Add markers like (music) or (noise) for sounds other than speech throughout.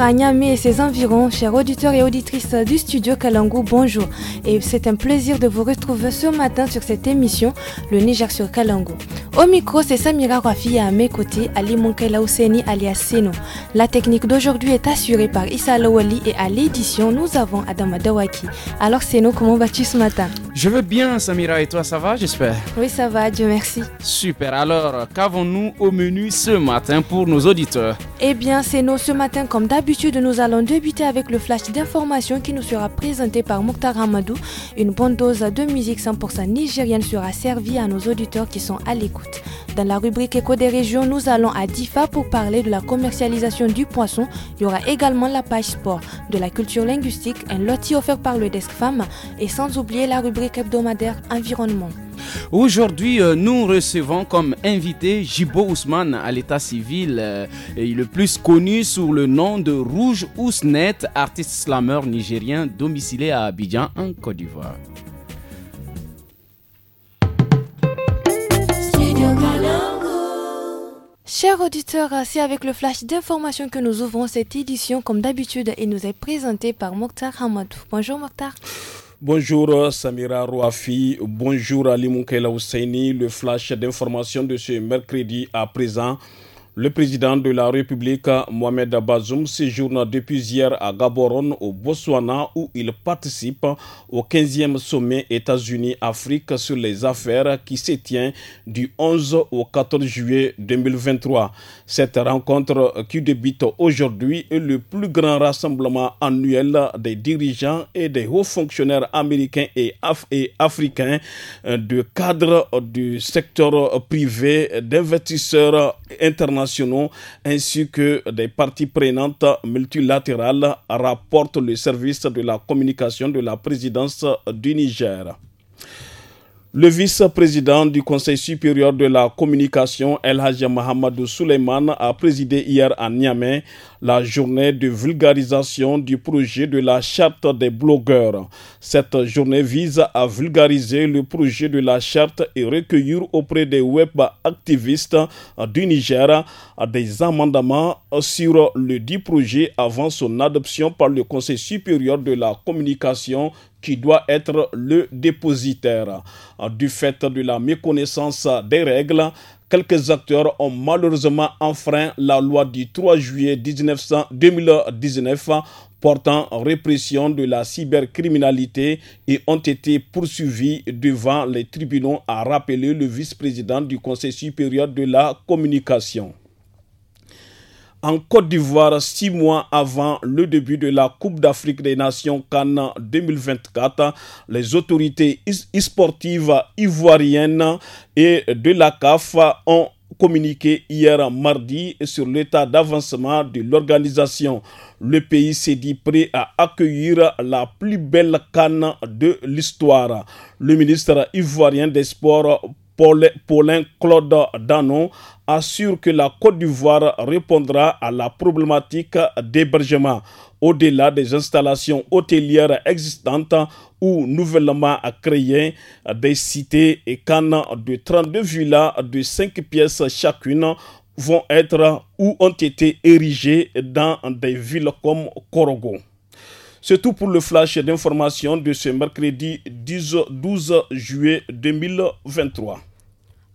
à et ses environs, chers auditeurs et auditrices du studio Kalango bonjour. Et c'est un plaisir de vous retrouver ce matin sur cette émission, le Niger sur Kalango. Au micro, c'est Samira Rafi et à mes côtés, Ali Monkela Ouseni alias Seno. La technique d'aujourd'hui est assurée par Issa Lawali et à l'édition, nous avons Adama Dawaki. Alors, Seno, comment vas-tu ce matin Je vais bien, Samira, et toi, ça va, j'espère Oui, ça va, Dieu merci. Super, alors, qu'avons-nous au menu ce matin pour nos auditeurs Eh bien, Seno, ce matin, comme d'habitude, nous allons débuter avec le flash d'information qui nous sera présenté par Mokhtar Hamadou. Une bonne dose de musique 100% nigérienne sera servie à nos auditeurs qui sont à l'écoute. Dans la rubrique Éco des régions, nous allons à DIFA pour parler de la commercialisation du poisson. Il y aura également la page sport, de la culture linguistique, un loti offert par le Desk Femme et sans oublier la rubrique hebdomadaire Environnement. Aujourd'hui, euh, nous recevons comme invité Jibo Ousmane à l'état civil, euh, et le plus connu sous le nom de Rouge Ousnet, artiste slameur nigérien domicilé à Abidjan en Côte d'Ivoire. Chers auditeurs, c'est avec le flash d'information que nous ouvrons cette édition comme d'habitude et nous est présenté par Mokhtar Hamadou. Bonjour Mokhtar. Bonjour Samira Rouafi, bonjour Ali Moukela Ousseini. Le flash d'information de ce mercredi à présent. Le président de la République, Mohamed Bazoum, séjourne depuis hier à Gaborone, au Botswana, où il participe au 15e sommet États-Unis-Afrique sur les affaires qui se tient du 11 au 14 juillet 2023. Cette rencontre qui débute aujourd'hui est le plus grand rassemblement annuel des dirigeants et des hauts fonctionnaires américains et, africains euh, de cadre du secteur privé, d'investisseurs internationaux ainsi que des parties prenantes multilatérales, rapportent le service de la communication de la présidence du Niger. Le vice-président du Conseil supérieur de la communication, El Hajj Mohamedou Souleyman, a présidé hier à Niamey la journée de vulgarisation du projet de la charte des blogueurs. Cette journée vise à vulgariser le projet de la charte et recueillir auprès des web activistes du Niger des amendements sur le dit projet avant son adoption par le Conseil supérieur de la communication qui doit être le dépositaire. Du fait de la méconnaissance des règles, quelques acteurs ont malheureusement enfreint la loi du 3 juillet 2019 portant répression de la cybercriminalité et ont été poursuivis devant les tribunaux, a rappelé le vice-président du Conseil supérieur de la communication en Côte d'Ivoire six mois avant le début de la Coupe d'Afrique des Nations Cannes 2024. Les autorités sportives ivoiriennes et de la CAF ont communiqué hier mardi sur l'état d'avancement de l'organisation. Le pays s'est dit prêt à accueillir la plus belle canne de l'histoire. Le ministre ivoirien des Sports Paulin Claude Danon assure que la Côte d'Ivoire répondra à la problématique d'hébergement au-delà des installations hôtelières existantes ou nouvellement créées, des cités et cannes de 32 villas de 5 pièces chacune vont être ou ont été érigées dans des villes comme Corogo. C'est tout pour le flash d'information de ce mercredi 12 juillet 2023.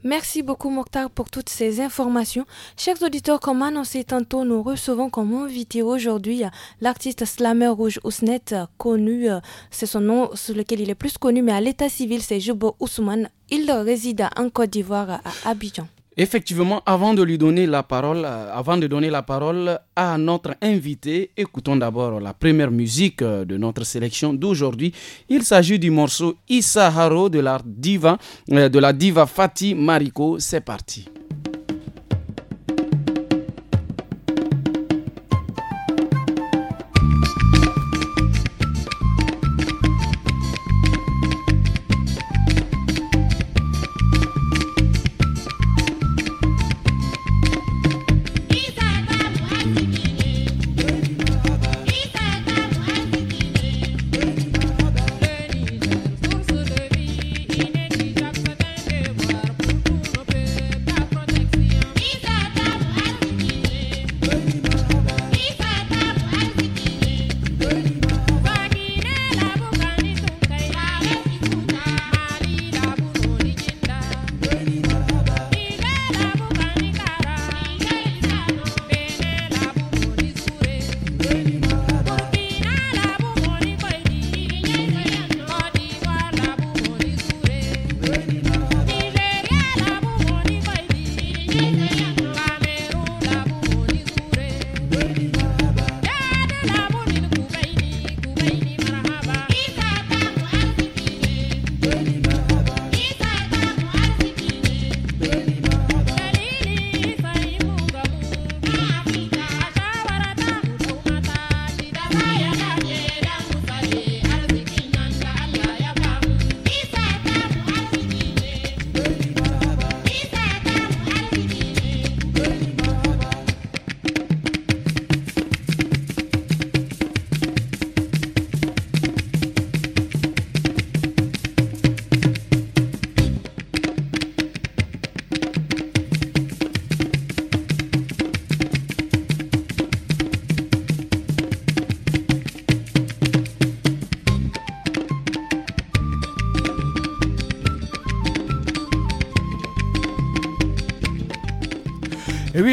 Merci beaucoup Mokhtar pour toutes ces informations. Chers auditeurs, comme annoncé tantôt, nous recevons comme invité aujourd'hui l'artiste slammer rouge Ousnet, connu, euh, c'est son nom sous lequel il est plus connu, mais à l'état civil, c'est Jubo Ousmane. Il réside en Côte d'Ivoire à Abidjan. Effectivement, avant de lui donner la parole, euh, avant de donner la parole à notre invité, écoutons d'abord la première musique euh, de notre sélection d'aujourd'hui. Il s'agit du morceau Isaharo de la diva, euh, de la diva Fatih Mariko. C'est parti.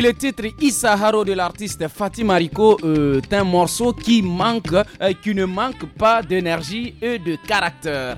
le titre Isaharo » de l'artiste Fatima Rico est un morceau qui manque, euh, qui ne manque pas d'énergie et de caractère.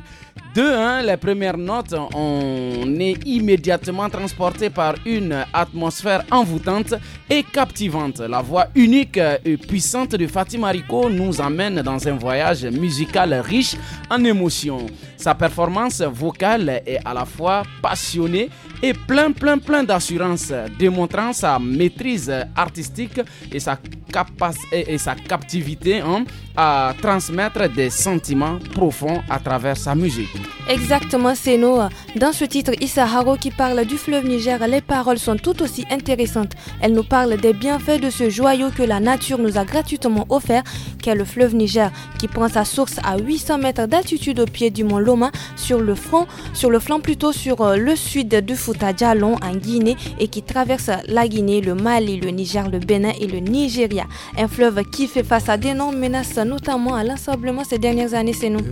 De 1, les premières notes, on est immédiatement transporté par une atmosphère envoûtante et captivante. La voix unique et puissante de Fatima Rico nous amène dans un voyage musical riche en émotions. Sa performance vocale est à la fois passionnée et plein, plein, plein d'assurance, démontrant sa maîtrise artistique et sa, capacité et sa captivité hein, à transmettre des sentiments profonds à travers sa musique. Exactement, c'est nous. Dans ce titre, Issa Haro qui parle du fleuve Niger, les paroles sont tout aussi intéressantes. Elle nous parle des bienfaits de ce joyau que la nature nous a gratuitement offert, qu'est le fleuve Niger, qui prend sa source à 800 mètres d'altitude au pied du mont Lo sur le front, sur le flanc plutôt sur euh, le sud du Fouta Djalon en Guinée et qui traverse la Guinée, le Mali, le Niger, le Bénin et le Nigeria. Un fleuve qui fait face à d'énormes menaces, notamment à l'ensemblement ces dernières années, c'est nous.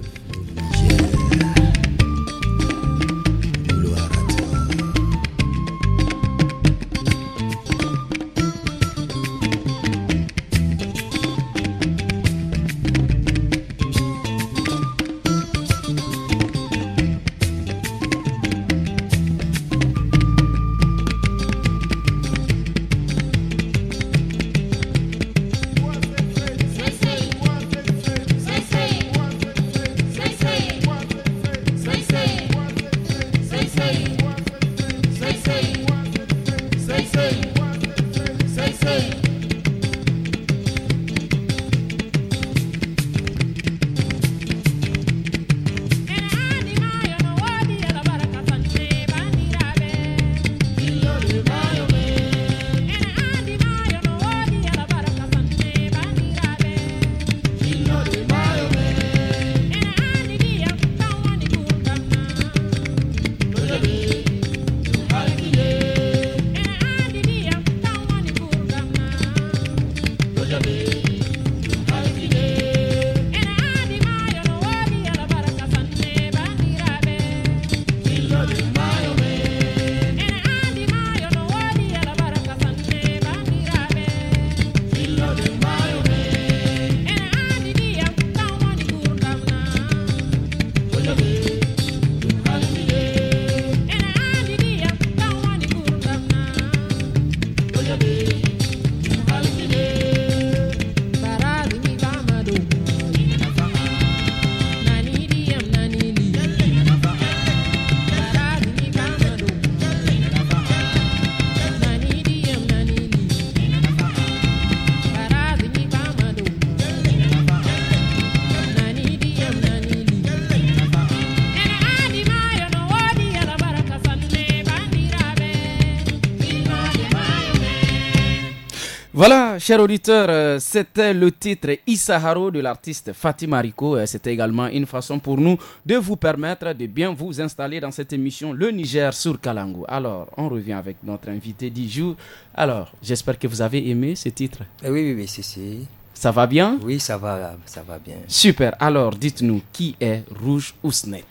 Chers auditeurs, euh, c'était le titre Isaharo de l'artiste Fatima Rico. Euh, c'était également une façon pour nous de vous permettre de bien vous installer dans cette émission Le Niger sur Kalango. Alors, on revient avec notre invité du jour. Alors, j'espère que vous avez aimé ce titre. Eh oui, oui, oui, si, si. Ça va bien Oui, ça va, ça va bien. Super. Alors, dites-nous, qui est Rouge Ousnet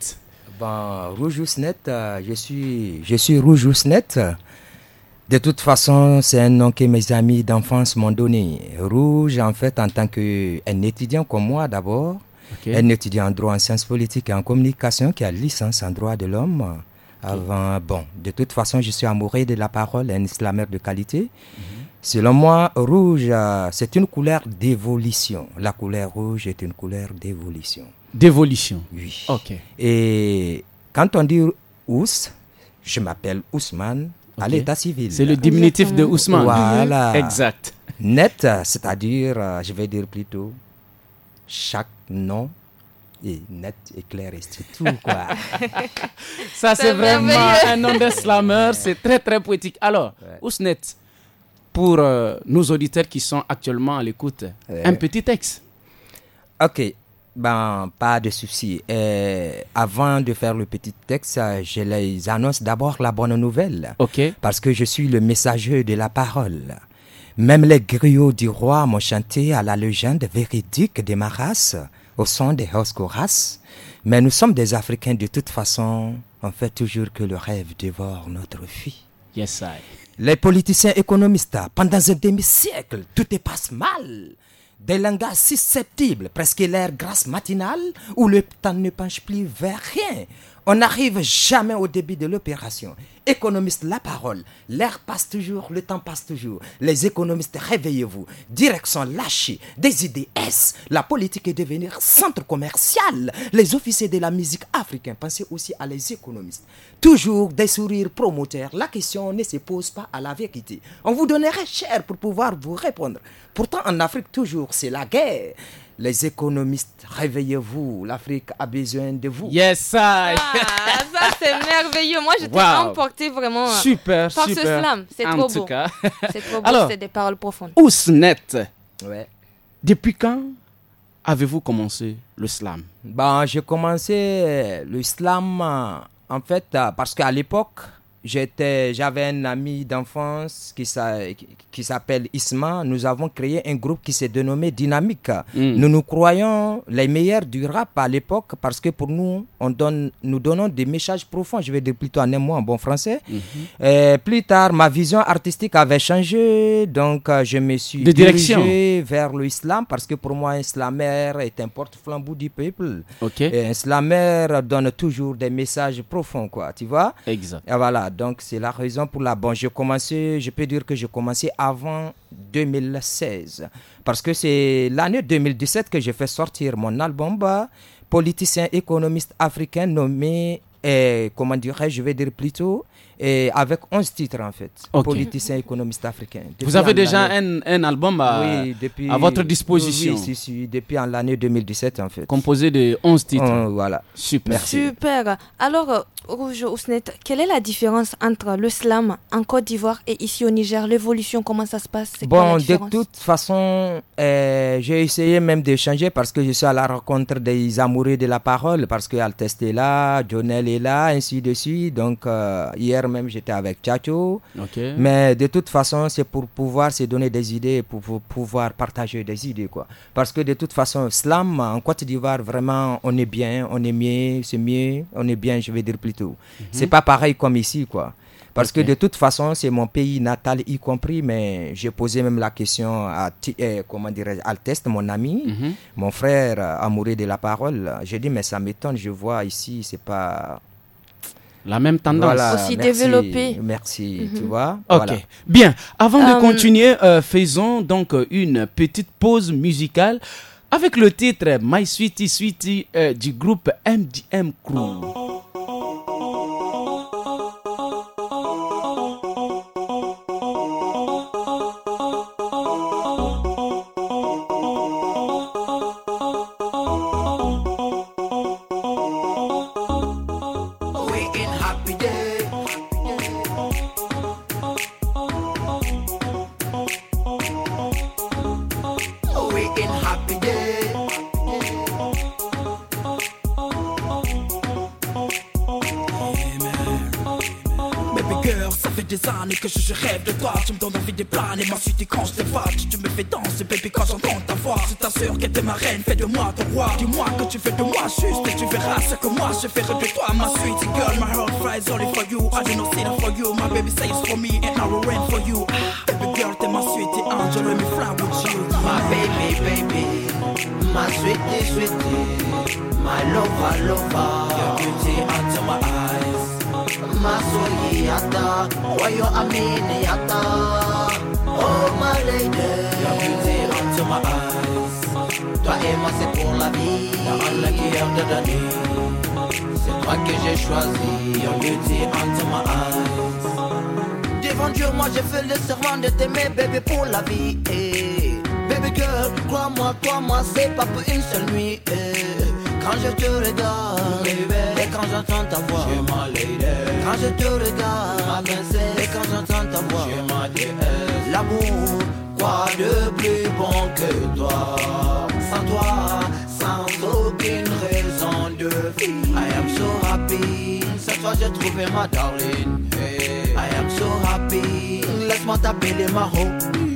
Rouge Ousnet, euh, je suis, je suis Rouge Ousnet. De toute façon, c'est un nom que mes amis d'enfance m'ont donné. Rouge, en fait, en tant qu'un étudiant comme moi d'abord, un étudiant en droit en sciences politiques et en communication qui a licence en droit de l'homme. Avant, bon, de toute façon, je suis amoureux de la parole, un islamère de qualité. Mhm. Selon moi, rouge, euh, c'est une couleur d'évolution. La couleur rouge est une couleur d'évolution. D'évolution Oui. Ok. Et quand on dit Ous, je m'appelle Ousmane à l'état civil. C'est le diminutif de Ousmane. Voilà. Exact. Net, c'est-à-dire, euh, je vais dire plutôt, chaque nom est net et clair et c'est tout quoi. (laughs) ça c'est vraiment un nom de slammer, c'est très très poétique. Alors, Ousnet, pour euh, nos auditeurs qui sont actuellement à l'écoute, un petit texte. Ok, ben, pas de souci. Euh, avant de faire le petit texte, euh, je les annonce d'abord la bonne nouvelle. Ok. Parce que je suis le messager de la parole. Même les griots du roi m'ont chanté à la légende véridique de ma race, au son des Hoskoras. Mais nous sommes des Africains de toute façon. On fait toujours que le rêve dévore notre fille. Yes, Les politiciens économistes, pendant un demi-siècle, tout est passé mal des langages susceptibles, presque l'air grasse matinale où le temps ne penche plus vers rien. On n'arrive jamais au début de l'opération économistes, la parole. L'air passe toujours, le temps passe toujours. Les économistes, réveillez-vous. Direction lâchée, des idées S. La politique est devenir centre commercial. Les officiers de la musique africaine, pensez aussi à les économistes. Toujours des sourires promoteurs. La question ne se pose pas à la vérité. On vous donnerait cher pour pouvoir vous répondre. Pourtant, en Afrique, toujours, c'est la guerre les économistes, réveillez-vous, l'Afrique a besoin de vous. Yes, ah, ça c'est merveilleux. Moi j'étais wow. Euh, c'est vraiment. Super, super. ce slam, c'est trop, beau. C'est trop beau, c'est des paroles profondes. Ousnet, ouais. depuis quand avez-vous commencé le slam Ben, j'ai commencé le slam, euh, en fait, euh, parce qu'à l'époque, j'étais, j'avais un ami d'enfance qui, qui s'appelle Isma. Nous avons créé un groupe qui s'est dénommé Dynamique. Hmm. Nous nous croyons les meilleurs du rap à l'époque parce que pour nous, on donne, nous donnons des messages profonds. Je vais dire plutôt en un mot en bon français. Hmm. Euh, plus tard, ma vision artistique avait changé, donc euh, je me suis dirigé vers l'islam parce que pour moi, un slammer est un porte-flambeau du peuple. un slammer donne toujours des messages profonds, quoi. Tu vois. Exact. Et voilà donc c'est la raison pour laquelle bon, je je peux dire que j'ai commencé avant 2016 parce que c'est l'année 2017 que j'ai fait sortir mon album bah, politicien économiste africain nommé eh, comment dirais-je, je vais dire plutôt et avec 11 titres en fait, politicien économiste africain. Vous avez déjà un, un, album à, à votre disposition Oui, si, si, depuis en l'année 2017 en fait. Composé de 11 titres. Oh, voilà. Super. Super. Alors, Rouge Ousnet, quelle est la différence entre le slam en Côte d'Ivoire et ici au Niger L'évolution, comment ça se passe Bon, de toute façon, eh, j'ai essayé même d'échanger parce que je suis à la rencontre des amoureux de la parole parce que Altest est là, Jonel est là, ainsi de suite. Donc, euh, hier, même, j'étais avec Tchatcho. Mais de toute façon, c'est pour pouvoir se donner des idées, pour, pouvoir partager des idées. quoi. Parce que de toute façon, slam, en Côte d'Ivoire, vraiment, on est bien, on est mieux, c'est mieux, on est bien, je vais dire plutôt. Mhm. C'est pas pareil comme ici, quoi. Parce que de toute façon, c'est mon pays natal y compris, mais j'ai posé même la question à, Alteste, eh, comment Altest, mon ami, mhm. mon frère euh, amoureux de la parole. J'ai dit, mais ça m'étonne, je vois ici, c'est pas la même tendance. aussi développée. Merci, tu mhm. vois. Ok. Bien. Avant de euh, continuer, euh, faisons donc euh, une petite pause musicale avec le titre My Sweetie Sweetie du groupe MDM Crew. des que je, rêve de toi Tu me donnes envie de planer ma suite quand je t'évade Tu me fais danser baby quand j'entends ta voix C'est ta sœur qui était ma reine, fais de moi ton roi Dis-moi que tu fais de moi juste et tu verras ce que moi je ferai de toi Ma suite girl, my heart flies only for you I do not see for you, my baby say it's for me And I will rain for you Baby girl, t'es ma sweetie angel, let me fly with you My baby, baby My sweetie, sweetie My lover, lover Your beauty under my eyes hata amini Oh my lady, your beauty onto my eyes Toi et moi c'est pour la vie, La Allah qui la de C'est toi que j'ai choisi, your beauty entre my eyes Devant Dieu moi j'ai fait le serment de t'aimer bébé pour la vie eh, Baby girl, crois-moi, crois-moi c'est pas pour une seule nuit eh. Quand je te regarde, eh ben. et quand j'entends ta voix, ma lady. Quand je te regarde, ma princesse, et quand j'entends ta voix, ma déesse. L'amour, quoi de plus bon que toi Sans toi, sans aucune raison de vie. I am so happy, cette fois j'ai trouvé ma darling. I am so happy, laisse-moi t'appeler ma hope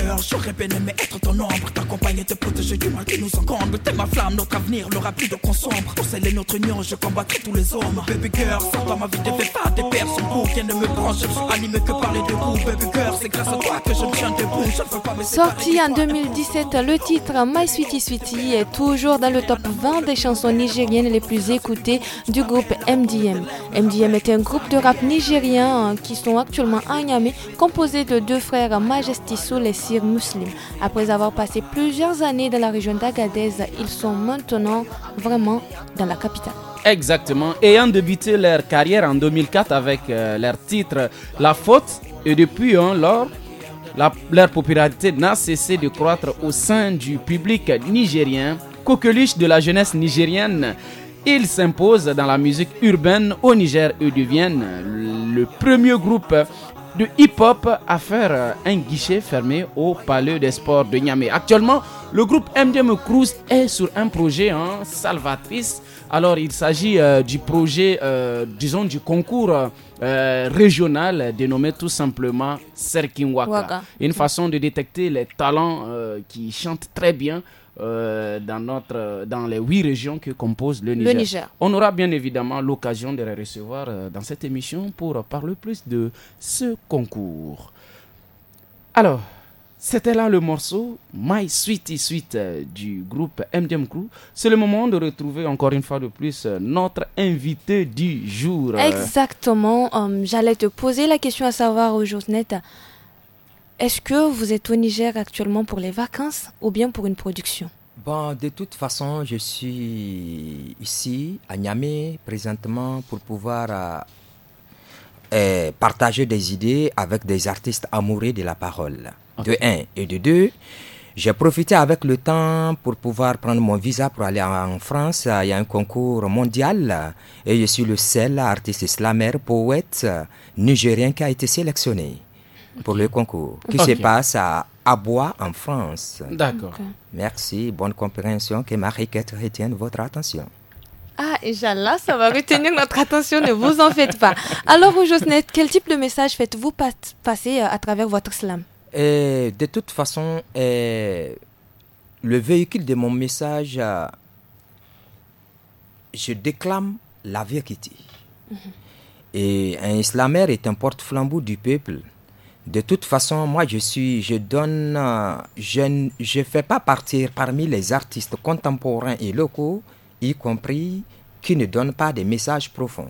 cœur. J'aurais bien aimé être ton ombre, t'accompagner, te protéger du mal qui nous encombre. T'es ma flamme, notre avenir, le plus de consombre. Pour sceller notre union, je combattrai tous les hommes. Baby girl, sans toi ma vie ne fait pas des personnes Pour rien ne me branche, animé que parler les deux Baby girl, c'est grâce à toi que je me tiens debout. Je ne veux pas me Sorti en 2017, le titre My Sweetie Sweetie est toujours dans le top 20 des chansons nigériennes les plus écoutées du groupe MDM. MDM est un groupe de rap nigérien qui sont actuellement à Niamey, composé de deux frères Majesty Soul et musulmans. Après avoir passé plusieurs années dans la région d'Agadez, ils sont maintenant vraiment dans la capitale. Exactement. Ayant débuté leur carrière en 2004 avec euh, leur titre La Faute, et depuis hein, lors, leur popularité n'a cessé de croître au sein du public nigérien, coqueluche de la jeunesse nigérienne. Ils s'imposent dans la musique urbaine au Niger et deviennent le premier groupe de hip-hop à faire euh, un guichet fermé au Palais des Sports de Niamey. Actuellement, le groupe MDM Cruz est sur un projet en hein, salvatrice. Alors, il s'agit euh, du projet, euh, disons, du concours régional dénommé tout simplement Serkin Une façon de détecter les talents qui chantent très bien euh, dans, notre, dans les huit régions que compose le Niger. On aura bien évidemment l'occasion de les recevoir euh, dans cette émission pour parler plus de ce concours. Alors, c'était là le morceau My Sweetie Suite euh, du groupe MDM Crew. C'est le moment de retrouver encore une fois de plus notre invité du jour. Exactement. J'allais te poser la question à savoir aujourd'hui, est-ce que vous êtes au Niger actuellement pour les vacances ou bien pour une production Bon, de toute façon, je suis ici à Niamey présentement pour pouvoir euh, euh, partager des idées avec des artistes amoureux de la parole. De un et de deux. J'ai profité avec le temps pour pouvoir prendre mon visa pour aller en France. Il y a un concours mondial et je suis le seul artiste slammer, poète nigérien qui a été sélectionné pour le concours qui se passe à Abois en France. D'accord. Merci, bonne compréhension, que marie requête retienne votre attention. Ah, Inch'Allah, ça va retenir notre attention, ne vous en faites pas. Alors, Josnet, quel type de message faites-vous passer euh, à travers votre slam euh, De toute façon, euh, le véhicule de mon message, je déclame la vérité. Mhm. Et un islamère est un porte-flambeau du peuple. De toute façon, moi je suis, je donne, euh, je ne fais pas partir parmi les artistes contemporains et locaux, y compris qui ne donnent pas des messages profonds.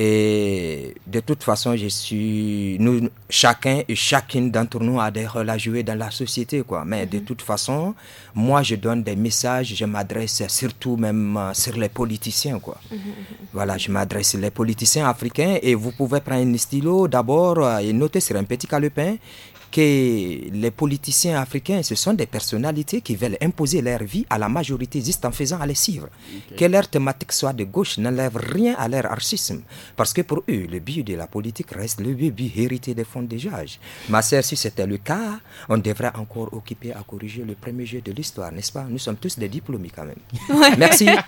Et de toute façon, je suis, nous, chacun et chacune d'entre nous a des rôles à jouer dans la société, quoi. Mais de mhm. toute façon, moi, je donne des messages, je m'adresse surtout même euh, sur les politiciens, quoi. Mhm, mhm, voilà, je m'adresse les politiciens africains et vous pouvez prendre un stylo d'abord euh, et noter sur un petit calepin que les politiciens africains, ce sont des personnalités qui veulent imposer leur vie à la majorité juste en faisant aller suivre. Que leur thématique soit de gauche n'enlève rien à leur archisme. Parce que pour eux, le but de la politique reste le but hérité des fonds des âges. Ma sœur, si c'était le cas, on devrait encore occuper à corriger le premier jeu de l'histoire, n'est-ce pas Nous sommes tous des diplômés quand même. Merci. (laughs)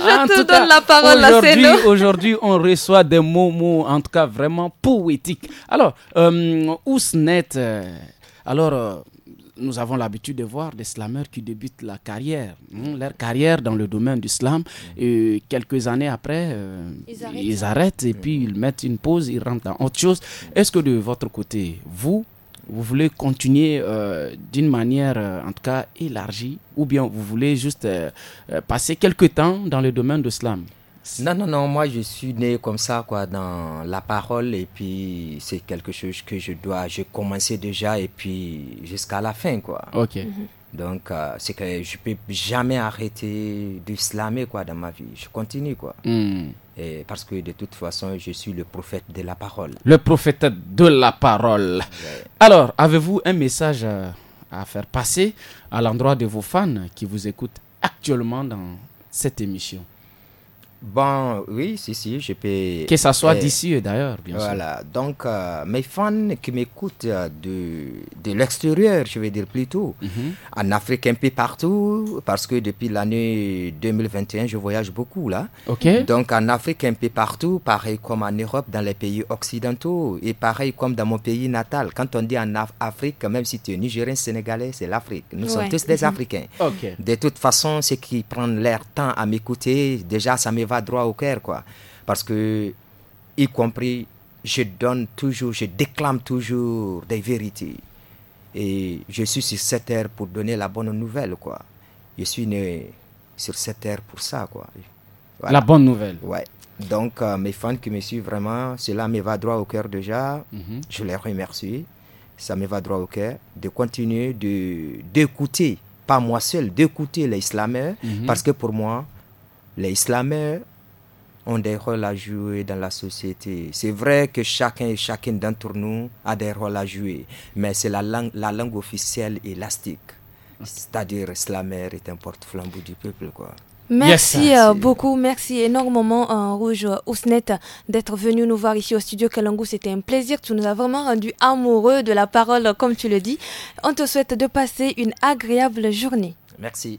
Je te donne la parole Aujourd'hui, on reçoit des mots, en tout cas vraiment poétiques. Alors, euh, Ousnet, alors euh, nous avons l'habitude de voir des slameurs qui débutent la carrière, hein, leur carrière dans le domaine du slam. Et quelques années après, euh, ils, arrêtent. et puis ils mettent une pause, ils rentrent dans autre chose. Est-ce que de votre côté, vous, vous voulez continuer euh, d'une manière, en tout cas, élargie, ou bien vous voulez juste passer quelques temps dans le domaine du slam non, non, non, moi je suis né comme ça, quoi, dans la parole, et puis c'est quelque chose que je dois, j'ai commencé déjà, et puis jusqu'à la fin, quoi. Ok. Mhm. Donc, euh, c'est que je peux jamais arrêter de slammer, quoi, dans ma vie. Je continue, quoi. Hmm. Et parce que de toute façon, je suis le prophète de la parole. Le prophète de la parole. Alors, avez-vous un message à faire passer à l'endroit de vos fans qui vous écoutent actuellement dans cette émission Bon, oui, si, si, je peux. Que ça soit euh, d'ici euh, d'ailleurs, bien voilà. sûr. Voilà, donc euh, mes fans qui m'écoutent de, de l'extérieur, je vais dire plutôt, mhm. en Afrique un peu partout, parce que depuis l'année 2021, je voyage beaucoup là. Ok. Donc en Afrique un peu partout, pareil comme en Europe, dans les pays occidentaux, et pareil comme dans mon pays natal. Quand on dit en Afrique, même si tu es Nigérien, Sénégalais, c'est l'Afrique. Nous sommes tous des (laughs) Africains. Ok. De toute façon, ceux qui prennent leur temps à m'écouter, déjà ça me va droit au cœur, quoi. Parce que, y compris, je donne toujours, je déclame toujours des vérités. Et je suis sur cette terre pour donner la bonne nouvelle, quoi. Je suis né sur cette terre pour ça, quoi. La bonne nouvelle. Ouais. Donc, euh, mes fans qui me suivent vraiment, cela me va droit au cœur déjà. Mhm. Je les remercie. Ça me va droit au cœur de continuer de d'écouter, pas moi seul, d'écouter les mhm. parce que pour moi, les islamers ont des rôles à jouer dans la société. C'est vrai que chacun et chacune d'entre nous a des rôles à jouer, mais c'est la langue, la langue officielle élastique. C'est-à-dire, islamère est un porte-flambeau du peuple, quoi. Merci euh, beaucoup, merci énormément en euh, Rouge Ousnet d'être venu nous voir ici au studio Kalangu. C'était un plaisir, tu nous as vraiment rendu amoureux de la parole, comme tu le dis. On te souhaite de passer une agréable journée. Merci.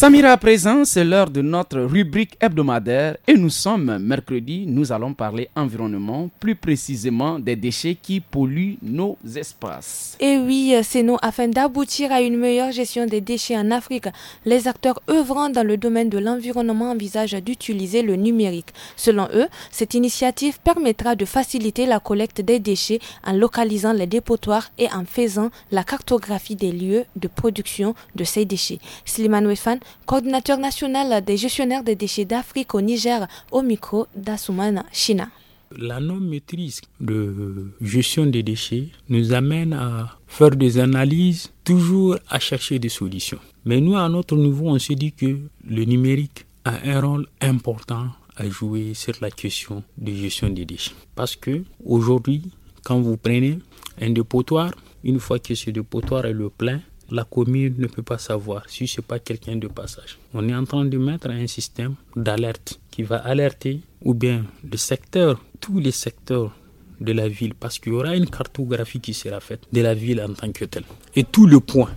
Samira, à présent, c'est l'heure de notre rubrique hebdomadaire et nous sommes mercredi. Nous allons parler environnement, plus précisément des déchets qui polluent nos espaces. Et oui, c'est nous. Afin d'aboutir à une meilleure gestion des déchets en Afrique, les acteurs œuvrant dans le domaine de l'environnement envisagent d'utiliser le numérique. Selon eux, cette initiative permettra de faciliter la collecte des déchets en localisant les dépotoirs et en faisant la cartographie des lieux de production de ces déchets. Slimane Wefan coordinateur national des gestionnaires des déchets d'Afrique au Niger, au micro d'Asumana China. La non-maîtrise de gestion des déchets nous amène à faire des analyses, toujours à chercher des solutions. Mais nous, à notre niveau, on se dit que le numérique a un rôle important à jouer sur la question de gestion des déchets. Parce que aujourd'hui, quand vous prenez un dépotoir, une fois que ce dépotoir est le plein, la commune ne peut pas savoir si ce n'est pas quelqu'un de passage. On est en train de mettre un système d'alerte qui va alerter ou bien le secteur, tous les secteurs de la ville, parce qu'il y aura une cartographie qui sera faite de la ville en tant que telle, et tout le point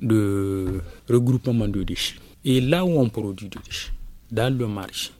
de regroupement de déchets. Et là où on produit des déchets, dans le marché,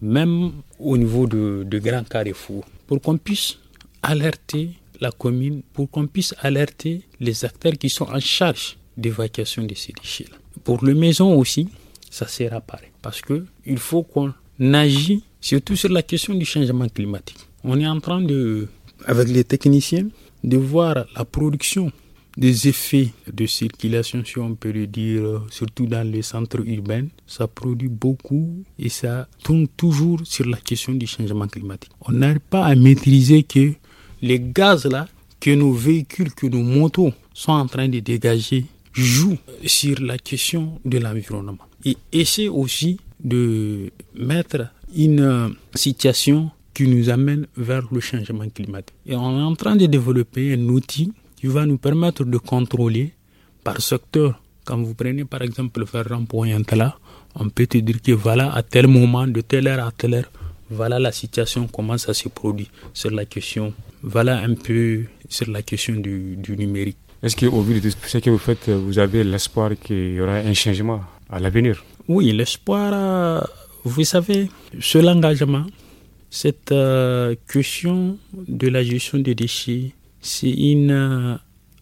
même au niveau de, de grands carrefours, pour qu'on puisse alerter la commune pour qu'on puisse alerter les acteurs qui sont en charge d'évacuation de ces déchets-là. Pour les maisons aussi, ça sera pareil. Parce qu'il faut qu'on agisse surtout sur la question du changement climatique. On est en train de, avec les techniciens, de voir la production des effets de circulation, si on peut le dire, surtout dans les centres urbains. Ça produit beaucoup et ça tourne toujours sur la question du changement climatique. On n'arrive pas à maîtriser que les gaz là que nos véhicules, que nos motos sont en train de dégager jouent sur la question de l'environnement. Et essaie aussi de mettre une euh, situation qui nous amène vers le changement climatique. Et on est en train de développer un outil qui va nous permettre de contrôler par secteur. Quand vous prenez par exemple le Ferrand là, on peut te dire que voilà, à tel moment, de telle heure à telle heure, voilà la situation, comment ça se produit sur la question. Voilà un peu sur la question du, du numérique. Est-ce qu'au vu de tout ce que vous faites, vous avez l'espoir qu'il y aura un changement à l'avenir Oui, l'espoir, euh, vous savez, sur l'engagement, cette euh, question de la gestion des déchets, c'est une euh,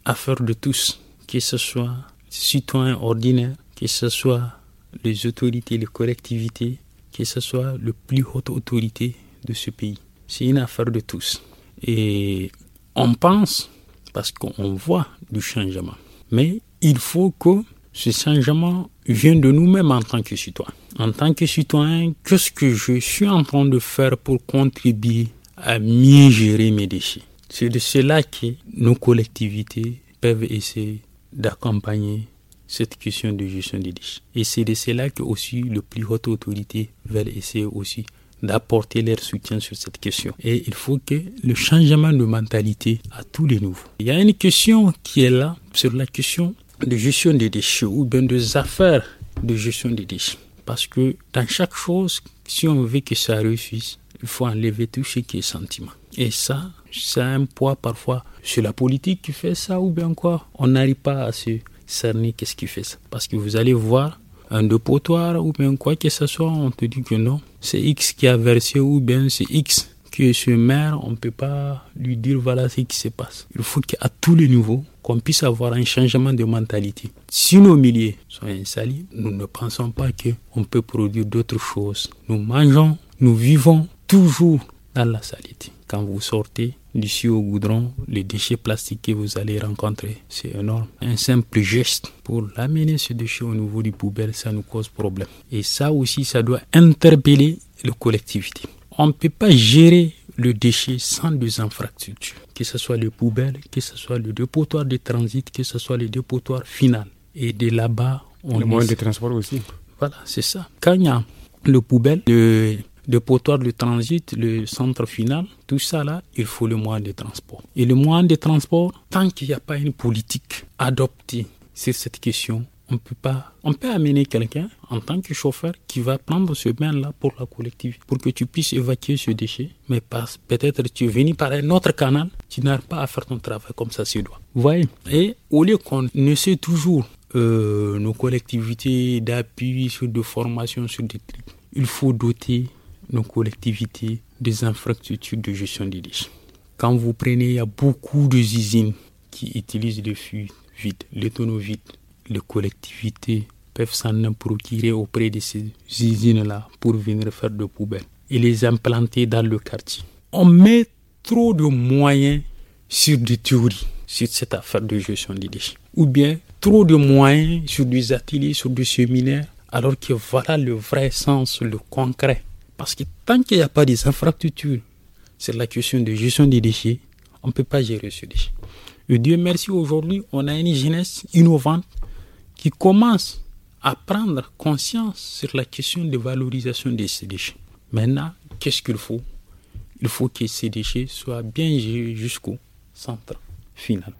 affaire de tous, que ce soit citoyens ordinaires, que ce soit les autorités, les collectivités, que ce soit la plus haute autorité de ce pays. C'est une affaire de tous. Et on pense, parce qu'on voit du changement, mais il faut que ce changement vienne de nous-mêmes en tant que citoyens. En tant que citoyen, qu'est-ce que je suis en train de faire pour contribuer à mieux gérer mes déchets C'est de cela que nos collectivités peuvent essayer d'accompagner cette question de gestion des déchets. Et c'est de cela que aussi le plus haute autorité veulent essayer aussi d'apporter leur soutien sur cette question. Et il faut que le changement de mentalité à tous les nouveaux. Il y a une question qui est là sur la question de gestion des déchets ou bien des affaires de gestion des déchets. Parce que dans chaque chose, si on veut que ça réussisse, il faut enlever tout ce qui est sentiment. Et ça, ça a un poids parfois sur la politique qui fait ça ou bien quoi. On n'arrive pas à se cerner qu'est-ce qui fait ça. Parce que vous allez voir un dépotoir ou bien quoi que ce soit, on te dit que non, c'est X qui a versé ou bien c'est X qui est sur mer, on ne peut pas lui dire voilà ce qui se passe. Il faut qu'à tous les niveaux, qu'on puisse avoir un changement de mentalité. Si nos milliers sont insalis, nous ne pensons pas qu'on peut produire d'autres choses. Nous mangeons, nous vivons toujours dans la saleté. Quand vous sortez d'ici au goudron, les déchets plastiques que vous allez rencontrer, c'est énorme. Un simple geste pour amener ce déchet au niveau du poubelle, ça nous cause problème. Et ça aussi, ça doit interpeller les collectivités. On ne peut pas gérer le déchet sans des infrastructures, que ce soit les poubelles, que ce soit le dépotoir de transit, que ce soit le dépotoir final. Et de là-bas, on... Les moyens de transport aussi. Voilà, c'est ça. Quand il y a le poubelle de le potoir de transit, le centre final, tout ça là, il faut le moyen de transport. Et le moyen de transport, tant qu'il n'y a pas une politique adoptée sur cette question, on peut pas, on peut amener quelqu'un en tant que chauffeur qui va prendre ce bien là pour la collectivité, pour que tu puisses évacuer ce déchet, mais peut-être tu es venu par un autre canal, tu n'as pas à faire ton travail comme ça se doit. Voyez. Et au lieu qu'on ne essaie toujours euh, nos collectivités d'appui sur de formation sur des trucs, il faut doter nos collectivités des infrastructures de gestion des déchets. Quand vous prenez, il y a beaucoup de usines qui utilisent des fûts vides, les tonneaux vides. Les collectivités peuvent s'en procurer auprès de ces usines-là pour venir faire de poubelles et les implanter dans le quartier. On met trop de moyens sur des théories, sur cette affaire de gestion des déchets. Ou bien trop de moyens sur des ateliers, sur des séminaires, alors que voilà le vrai sens, le concret parce que tant qu'il n'y a pas des infrastructures c'est la question de gestion des déchets, on ne peut pas gérer ce déchet. Et Dieu merci, aujourd'hui, on a une jeunesse innovante qui commence à prendre conscience sur la question de valorisation de ces déchets. Maintenant, qu'est-ce qu'il faut Il faut que ces déchets soient bien gérés jusqu'au centre final.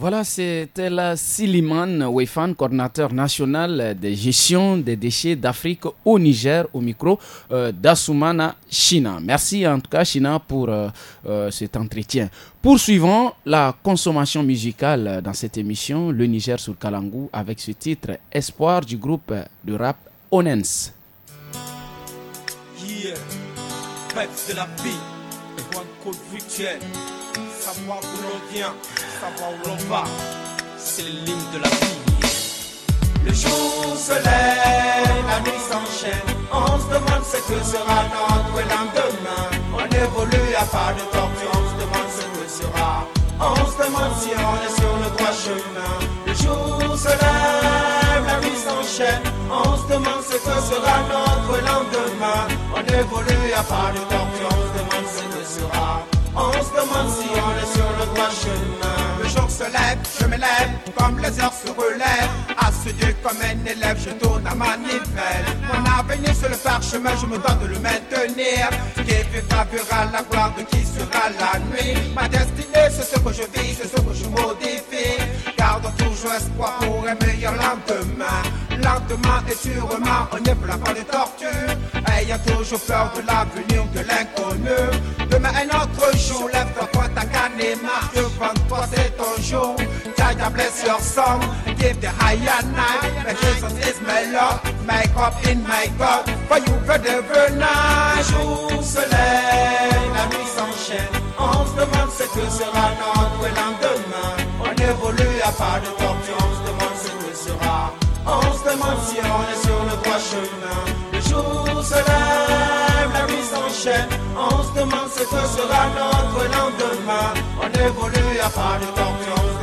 Voilà, c'était la Siliman Weifan, coordinateur national de gestion des déchets d'Afrique au Niger, au micro euh, d'Asumana China. Merci en tout cas, China, pour euh, euh, cet entretien. Poursuivons la consommation musicale dans cette émission, le Niger sur Kalangou, avec ce titre Espoir du groupe de rap Onens vient, c'est de la vie. Le jour se lève, la nuit s'enchaîne, on se demande ce que sera notre lendemain. On évolue à pas de tortue, on se demande ce que sera. On se demande si on est sur le droit chemin. Le jour se lève, la nuit s'enchaîne, on se demande ce que sera notre lendemain. On évolue à pas de tortue, on se demande ce que sera. On se demande si le jour se lève, je me lève, comme les heures se relèvent. Dieu comme un élève, je tourne à ma nivelle. Mon avenir sur le parchemin, je me dois de le maintenir. Qui vivra plus la gloire de qui sera la nuit. Ma destinée, c'est ce que je vis, c'est ce que je modifie toujours espoir pour un meilleur lendemain. Lentement et sûrement, on ne voulait pas de torture. Ayant toujours peur de l'avenir, de l'inconnu. Demain, un autre jour, lève-toi, ta canne et marche devant toi, c'est ton jour ta I bless your song. Give the higher night My Jesus is my Lord, my cup in my God. For you, brother Bernard. Jour, lève la nuit s'enchaîne. On se demande ce que sera notre lendemain. On évolue à pas de tortue On se demande ce que sera. On se demande si on est sur le droit chemin. Le jour se lève, la nuit s'enchaîne. On se demande ce que sera notre lendemain. On évolue à pas de torture.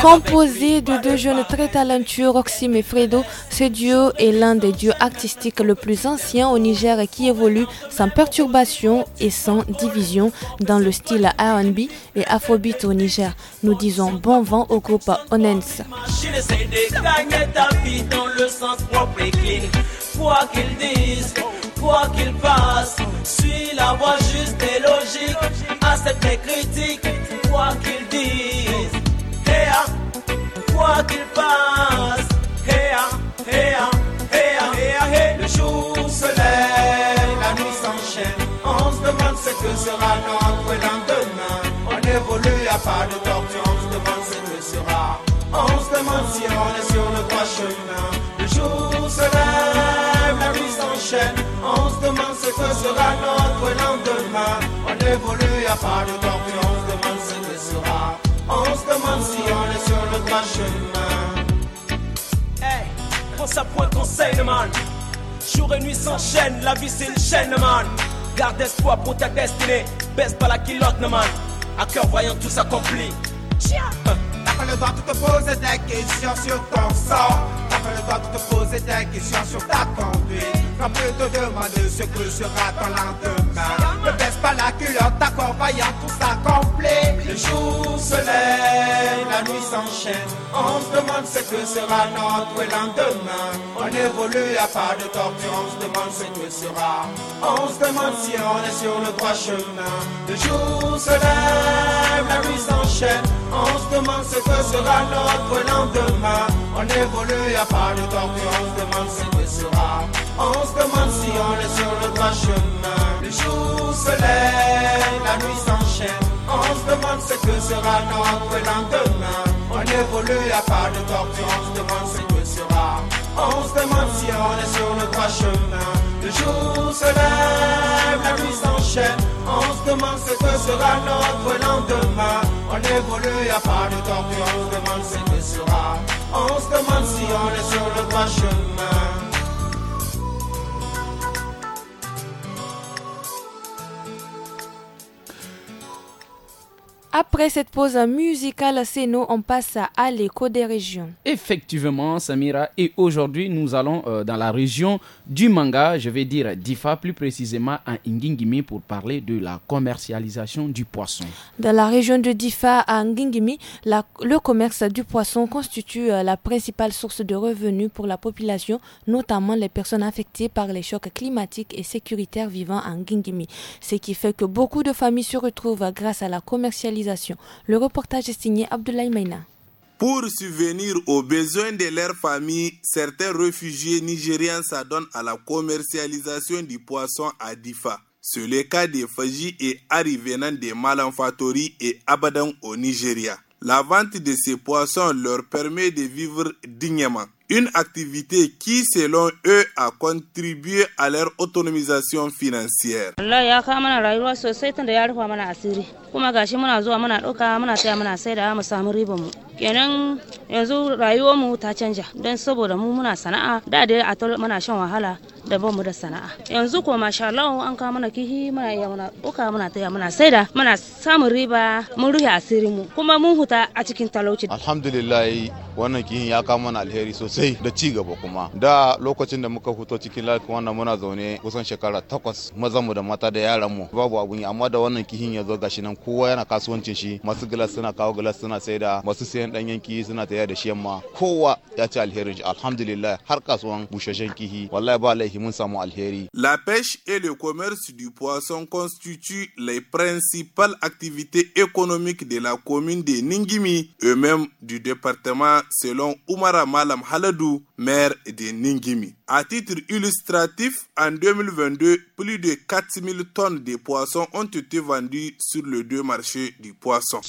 Composé de deux jeunes très talentueux, Roxy et Fredo, ce duo est l'un des dieux artistiques le plus anciens au Niger et qui évolue sans perturbation et sans division dans le style RB et Afrobeat au Niger. Nous disons bon vent au groupe Onens quoi qu'il passe Suis la voie juste et logique, accepte les critiques, quoi qu'ils disent. Hey, ah, quoi qu'il passe Hey, ah, hey, ah, ah, hey, Le jour se lève, la nuit s'enchaîne. On se demande ce que sera notre lendemain. On évolue à pas de tortue, on se demande ce que sera. On se demande si on est sur le droit chemin. Le jour se lève. On se demande ce que sera notre lendemain. On évolue, à pas de temps puis on se demande ce que sera. On se demande si on est sur le droit chemin. Hey, prends ça pour un conseil, man. Jour et nuit s'enchaînent, la vie c'est une chaîne, man. Garde espoir pour ta destinée, baisse pas la culotte, man. À cœur voyant tout s'accomplit. Tiens! T'as pas le droit de te poser des questions sur ton sort. Je dois te poser des questions sur ta conduite. Quand je te demander ce que sera ton lendemain ne baisse pas la culotte, d'accord vaillant tout complet Le jour se lève, la nuit s'enchaîne. On se demande ce que sera notre lendemain. On évolue à pas de tortue, on se demande ce que sera. On se demande si on est sur le droit chemin. Le jour se lève, la nuit s'enchaîne. On se demande ce que sera notre lendemain. On évolue à pas de tortue, on se demande ce que sera. On se demande si on est sur le droit chemin. Le jour se lève, la nuit s'enchaîne. On se demande ce que sera notre lendemain. On évolue à pas de tortue, on se demande ce que sera. On se demande si on est sur le droit chemin. Le jour se lève, la nuit s'enchaîne. On se demande ce que sera notre lendemain. On évolue à pas de tortue, on se demande ce que sera. On se demande si on est sur le droit chemin. Après cette pause musicale, c'est nous, on passe à l'écho des régions. Effectivement, Samira, et aujourd'hui, nous allons euh, dans la région du manga, je vais dire d'Ifa, plus précisément à Ngingimi, pour parler de la commercialisation du poisson. Dans la région de Difa à Ngingimi, le commerce du poisson constitue euh, la principale source de revenus pour la population, notamment les personnes affectées par les chocs climatiques et sécuritaires vivant à Ngingimi. Ce qui fait que beaucoup de familles se retrouvent euh, grâce à la commercialisation le reportage est signé Abdoulaye Maina. Pour subvenir aux besoins de leur famille, certains réfugiés nigériens s'adonnent à la commercialisation du poisson à Difa. C'est le cas des Faji et arrivant des Malanfatori et Abadan au Nigeria. La vente de ces poissons leur permet de vivre dignement une activité qui, selon eux, a contribué à leur autonomisation financière. da ba mu da sana'a yanzu ko masha Allah an kawo mana kihi muna iya muna buka muna taya muna saida muna samun riba mun rufe asirin mu kuma mun huta a cikin talauci alhamdulillah wannan kihin ya kawo mana alheri sosai da ci gaba kuma da lokacin da muka huto cikin lafiya wannan muna zaune kusan shekara takwas maza mu da mata da yaran mu babu abu yi amma da wannan kihin ya zo gashi nan kowa yana kasuwancin shi masu gilas suna kawo gilas suna saida masu sayan danyen kihi suna taya da shi yamma kowa ya ci alherin shi alhamdulillah har kasuwan bushashen kihi wallahi ba laifi La pêche et le commerce du poisson constituent les principales activités économiques de la commune de Ningimi, eux-mêmes du département selon Oumara Malam Haladou, maire de Ningimi. À titre illustratif, en 2022, plus de 4000 tonnes de poissons ont été vendues sur le deux marchés du poisson.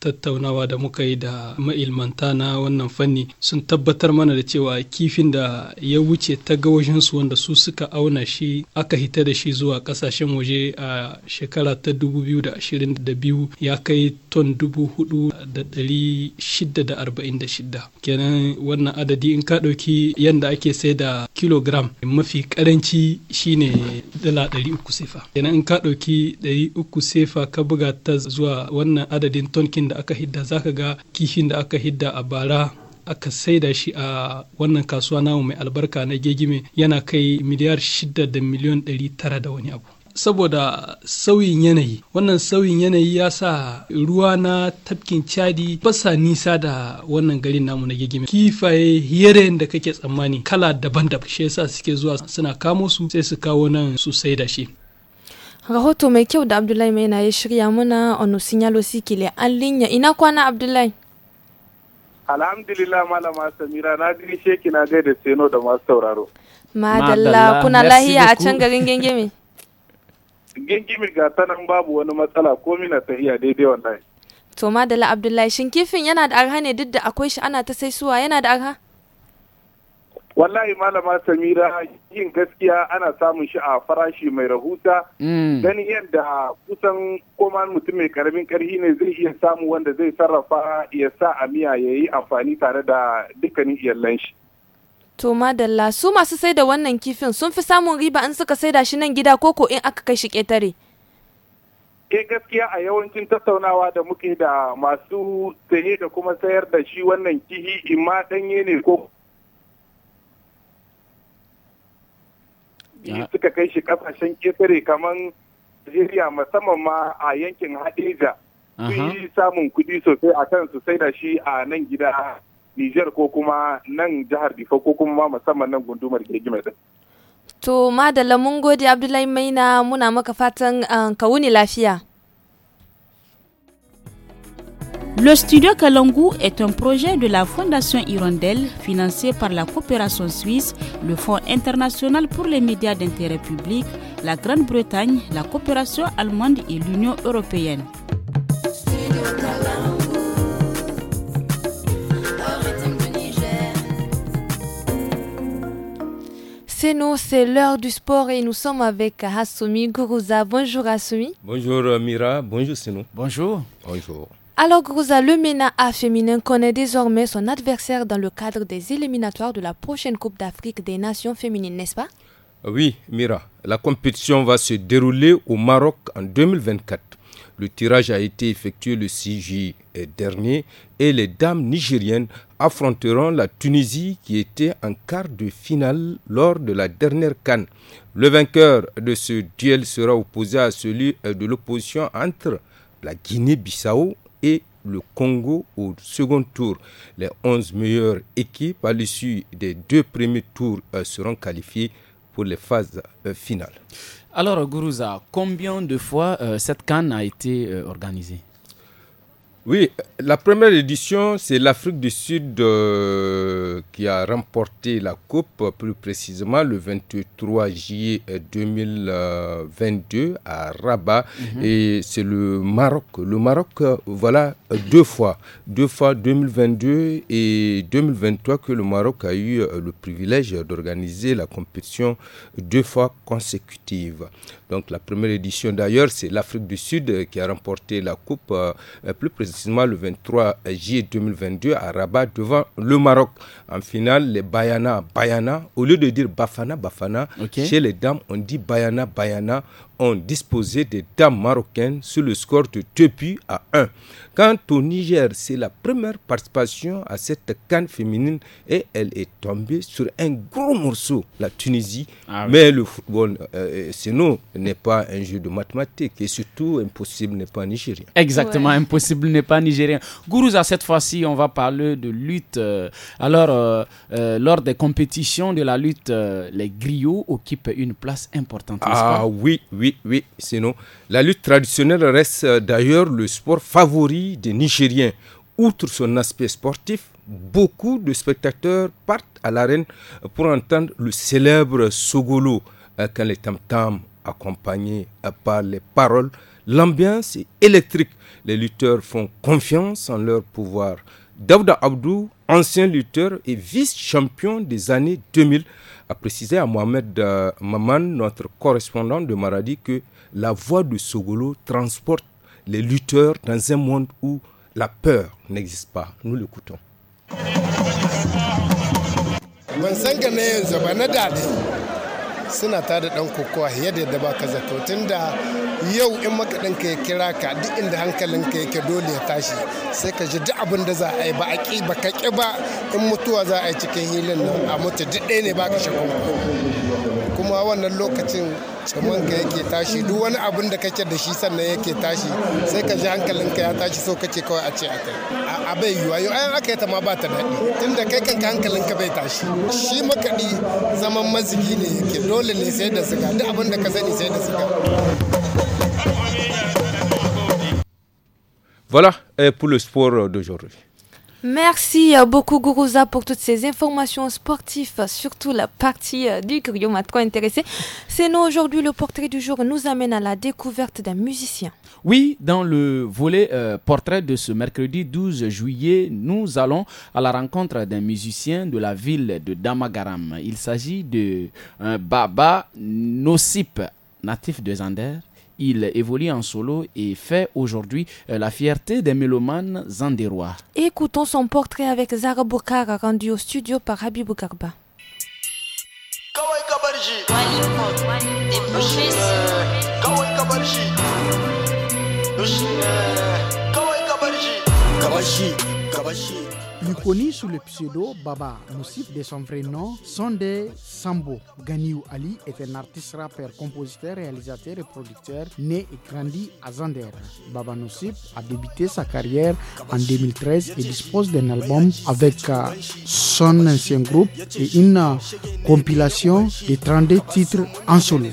tattaunawa da muka yi da ma'ilmanta na wannan fanni sun tabbatar mana da cewa kifin da ya wuce ta gawashinsu wanda su suka auna shi aka hita da shi zuwa kasashen waje a shekara ta 2022 ya kai ton 4,646 kenan wannan adadi in ka ɗauki yadda ake sai da kilogram mafi karanci shine dala 300 sefa kenan in ka ɗauki 300 sefa ka buga ta zuwa wannan adadin tonkin da aka hidda zaka ga kifin da aka hidda a bara aka saida shi a wannan kasuwa namu mai albarka na gegime yana kai miliyar shida da miliyon ɗari tara da wani abu saboda sauyin yanayi wannan sauyin yanayi ya sa ruwa na tafkin chadi basa nisa da wannan garin namu na gegime kifaye yare da kake tsammani kala daban daban shi yasa suke zuwa suna kamo su sai su kawo nan su saida shi rahoto mai kyau da abdullahi mai na ya shirya muna onusin yalo sikile an linya ina kwana abdullahi alhamdulillah malama samira na gaishe sheki na gaida seno da masu sauraro madalla kuna lahiya a can garin gengeme gengeme ga ta nan babu wani matsala ko mina tahiya daidai wallahi to madalla abdullahi shin kifin yana da arha ne duk da akwai shi ana ta sai suwa yana da arha wallahi malama samira yin gaskiya ana samun shi a farashi mai rahusa mm. gani yadda kusan koma mutum mai karamin karhi ne zai iya samu wanda zai sarrafa ya sa a miya ya yi amfani tare da dukkanin iyalan shi to madalla su masu sai da wannan kifin sun fi samun riba an suka sai da shi nan gida koko in aka kai shi ketare ke eh, gaskiya a yawancin tattaunawa da muke da masu saye da kuma sayar da shi wannan kihi imma danye ne ko suka kai shi kasashen ƙetare kamar Najeriya musamman ma a yankin Hadeja. Sun yi samun kuɗi sosai a kan su sai da shi a nan gida Nijar ko kuma nan jihar Difa ko kuma musamman nan gundumar Gegime mai To da mun gode Abdullahi Maina muna maka fatan ah, ka wuni lafiya. Le studio Kalangu est un projet de la Fondation Hirondelle financé par la coopération suisse, le Fonds international pour les médias d'intérêt public, la Grande-Bretagne, la coopération allemande et l'Union européenne. C'est nous, c'est l'heure du sport et nous sommes avec Hassoumi Gourouza. Bonjour Hassoumi. Bonjour Mira, bonjour Sinou. Bonjour. Bonjour. Alors Grouza, le MENA A féminin connaît désormais son adversaire dans le cadre des éliminatoires de la prochaine Coupe d'Afrique des Nations féminines, n'est-ce pas euh, Oui, Mira. La compétition va se dérouler au Maroc en 2024. Le tirage a été effectué le 6 juillet dernier et les dames nigériennes affronteront la Tunisie qui était en quart de finale lors de la dernière canne. Le vainqueur de ce duel sera opposé à celui euh, de l'opposition entre la Guinée-Bissau et le Congo au second tour. Les 11 meilleures équipes à l'issue des deux premiers tours euh, seront qualifiées pour les phases euh, finales. Alors, Gourouza, combien de fois euh, cette canne a été organisée oui, la première édition, c'est l'Afrique du Sud euh, qui a remporté la Coupe, plus précisément le 23 juillet 2022 euh, à Rabat. Mhm. Et c'est le Maroc. Le Maroc, euh, voilà, deux fois. Deux fois 2022 et 2023 que le Maroc a eu le privilège d'organiser la compétition deux fois consécutive. Donc la première édition d'ailleurs, c'est l'Afrique du Sud qui a remporté la Coupe, plus précisément le 23 juillet 2022 à Rabat devant le Maroc. En finale, les Bayana Bayana, au lieu de dire Bafana Bafana, chez les dames, on dit Bayana Bayana ont disposé des dames marocaines sur le score de 2 buts à 1. Quant au Niger, c'est la première participation à cette canne féminine et elle est tombée sur un gros morceau, la Tunisie. Ah Mais le football, euh, euh, sinon, n'est pas un jeu de mathématiques et surtout impossible n'est pas nigérien. Exactement, impossible n'est pas nigérien. à cette fois-ci, on va parler de lutte. Euh, alors, lors des compétitions de la lutte, les griots occupent une place importante. Ah oui, oui oui, sinon. La lutte traditionnelle reste euh, d'ailleurs le sport favori des Nigériens. Outre son aspect sportif, beaucoup de spectateurs partent à l'arène euh, pour entendre le célèbre Sogolo euh, quand les tam-tams accompagnés par les paroles. L'ambiance est électrique. Les lutteurs font confiance en leur pouvoir. Dawda Abdou, ancien lutteur et vice-champion des années 2000, a précisé à Mohamed euh, Maman, notre correspondant de Maradi, que la voix de Sogolo transporte les lutteurs dans un monde où la peur n'existe pas. Nous l'écoutons. suna tada dan kokowa yadda yadda baka zato tun da yau in ka ya kira ka duk inda hankalin ka yake dole ya tashi sai ka ji duk abin da za a yi ba a ƙi ba ka ƙi ba in mutuwa za a yi cikin hilin nan a mutu duk ɗaya ne baka shakon kuma wannan lokacin ka yake tashi duk wani abin da kake da shi sannan yake tashi sai ka ji hankalinka ya tashi so kake kawai a ce a kai a bai yiwa yau ayan aka yi ta ma ba ta daɗi tunda kai kanka hankalinka bai tashi shi makaɗi zaman mazigi ne yake dole ne sai da siga duk abin da ka sani sai da siga Voilà et pour le sport d'aujourd'hui. Merci beaucoup Gourouza pour toutes ces informations sportives, surtout la partie euh, du curieux m'a trop intéressé. C'est nous aujourd'hui le portrait du jour nous amène à la découverte d'un musicien. Oui, dans le volet euh, portrait de ce mercredi 12 juillet, nous allons à la rencontre d'un musicien de la ville de Damagaram. Il s'agit de euh, Baba Nosip, natif de Zander il évolue en solo et fait aujourd'hui euh, la fierté des mélomanes zandérois. Écoutons son portrait avec Zara Boukara rendu au studio par Habibou Boukharba plus connu sous le pseudo Baba Moussif de son vrai nom, Sonde Sambo. Ganiou Ali est un artiste rappeur, compositeur, réalisateur et producteur né et grandi à Zander. Baba Moussif a débuté sa carrière en 2013 et dispose d'un album avec euh, son ancien groupe et une compilation de 32 titres en solo.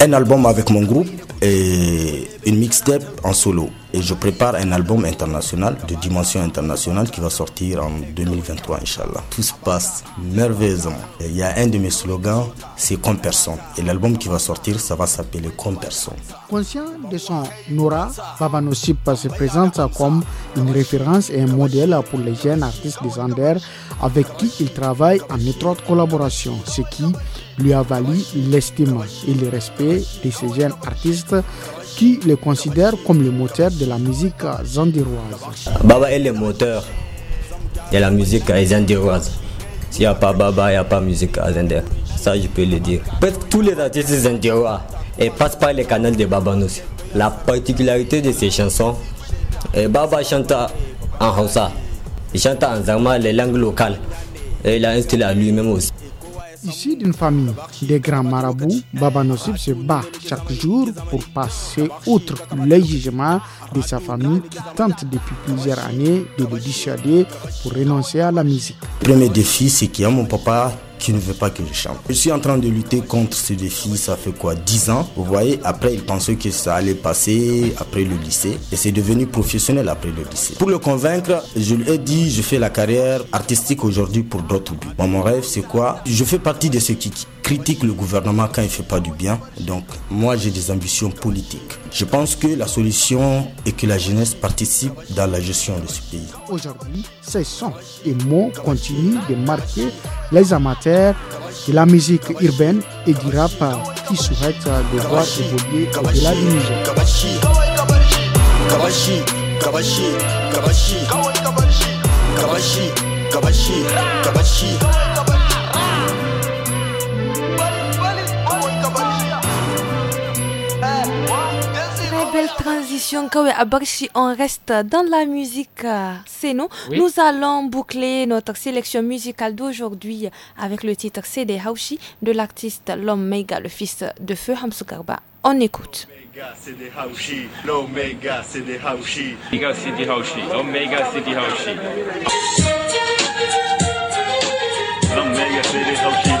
Un album avec mon groupe et une mixtape en solo et je prépare un album international de dimension internationale qui va sortir en 2023, Inch'Allah. Tout se passe merveilleusement. Il y a un de mes slogans, c'est Comme personne. Et l'album qui va sortir, ça va s'appeler Comme personne. Conscient de son aura, Babanossipa se présente comme une référence et un modèle pour les jeunes artistes des Anders avec qui il travaille en étroite collaboration, ce qui lui a valu l'estime et le respect de ces jeunes artistes qui le considère comme le moteur de la musique zandiroise. Baba est le moteur de la musique zandiroise. S'il n'y a pas Baba, il n'y a pas musique à Ça, je peux le dire. Presque tous les artistes zandirois passent par le canal de Baba Nous. La particularité de ces chansons, eh, Baba chante en Hausa. Il chante en Zama, les langues locales. Et il a un style à lui-même aussi. Ici, d'une famille des grands marabouts, Baba Nossib se bat chaque jour pour passer outre le jugement de sa famille qui tente depuis plusieurs années de le dissuader pour renoncer à la musique. Le premier défi, c'est qu'il y a mon papa ne veut pas que je chante. Je suis en train de lutter contre ce défi, ça fait quoi 10 ans Vous voyez, après, il pensait que ça allait passer après le lycée. Et c'est devenu professionnel après le lycée. Pour le convaincre, je lui ai dit, je fais la carrière artistique aujourd'hui pour d'autres buts. mon rêve, c'est quoi Je fais partie de ceux qui critiquent le gouvernement quand il ne fait pas du bien. Donc, moi, j'ai des ambitions politiques. Je pense que la solution est que la jeunesse participe dans la gestion de ce pays. Aujourd'hui, ces sons et mots continuent de marquer les amateurs de la musique urbaine et du rap qui souhaite devoir évoluer au-delà du belle transition Kawe Abarchi, on reste dans la musique, euh, c'est nous. Nous allons boucler notre sélection musicale d'aujourd'hui avec le titre CD Haushi de l'artiste Lomega, le fils de Feu Hamsou On écoute. CD Haushi, Haushi.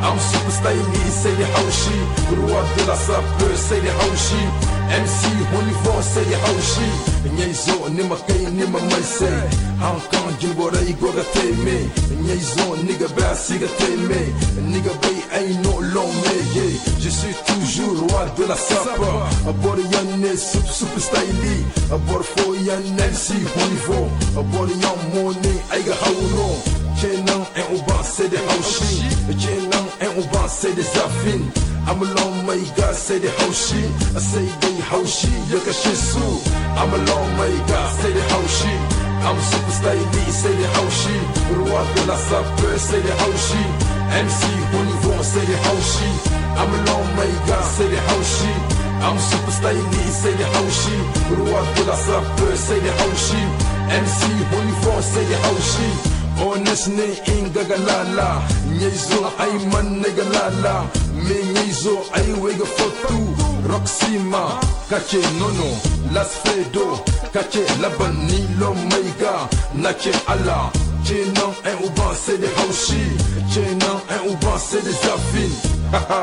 I'm super stylish, say the how she The world did a say the how MC, MC 24, say the how she Nye zo, nima kay, nima my say Hong Kong, you what I go to tell me Nye zo, nigga bad, see the tell me Nigga bay, ain't no long me, yeah Je suis toujours roi de la sapa A body young, nye super, super A body for young, MC 24 A body young, money, I got how long pas c'est des haushi zafin c'est haushi C'est haushi ya haushi the superstar c'est haushi de la sape c'est des haushi MC au niveau c'est des haushi c'est des haushi I'm superstar c'est des haushi Roi de la sape c'est des haushi MC au niveau c'est des haushi est né inga galala Nyeizo ay man négalala, lala Me nyezo ay wega fotu Roxima kache nono Las fedo, kache labani lo meiga Nache ala nous et uba se des haushi nous un e uba se des affines Haha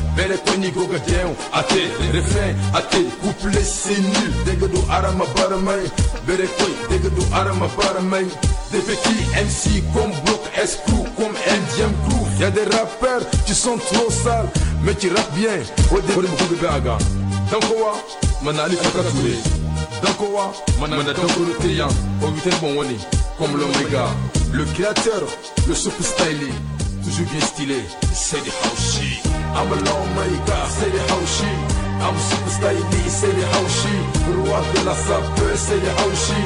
Velekoni à tes refrains, refrain tes couplet c'est nul Dega do arama baramay Velekoi dega do arama baramay Des petits MC comme bloc Crew, comme indien crew Y'a des rappeurs qui sont trop sales Mais qui rappent bien Au début de Baga Dankowa manali fakatule Dankowa manada dankoro teyan Au 8 bon wani comme l'Omega, Le créateur, le super stylé toujours bien stylé, c'est des haushi. I'm low my c'est des haushi. I'm super c'est des haushi. Roi de la sapeur, c'est des haushi.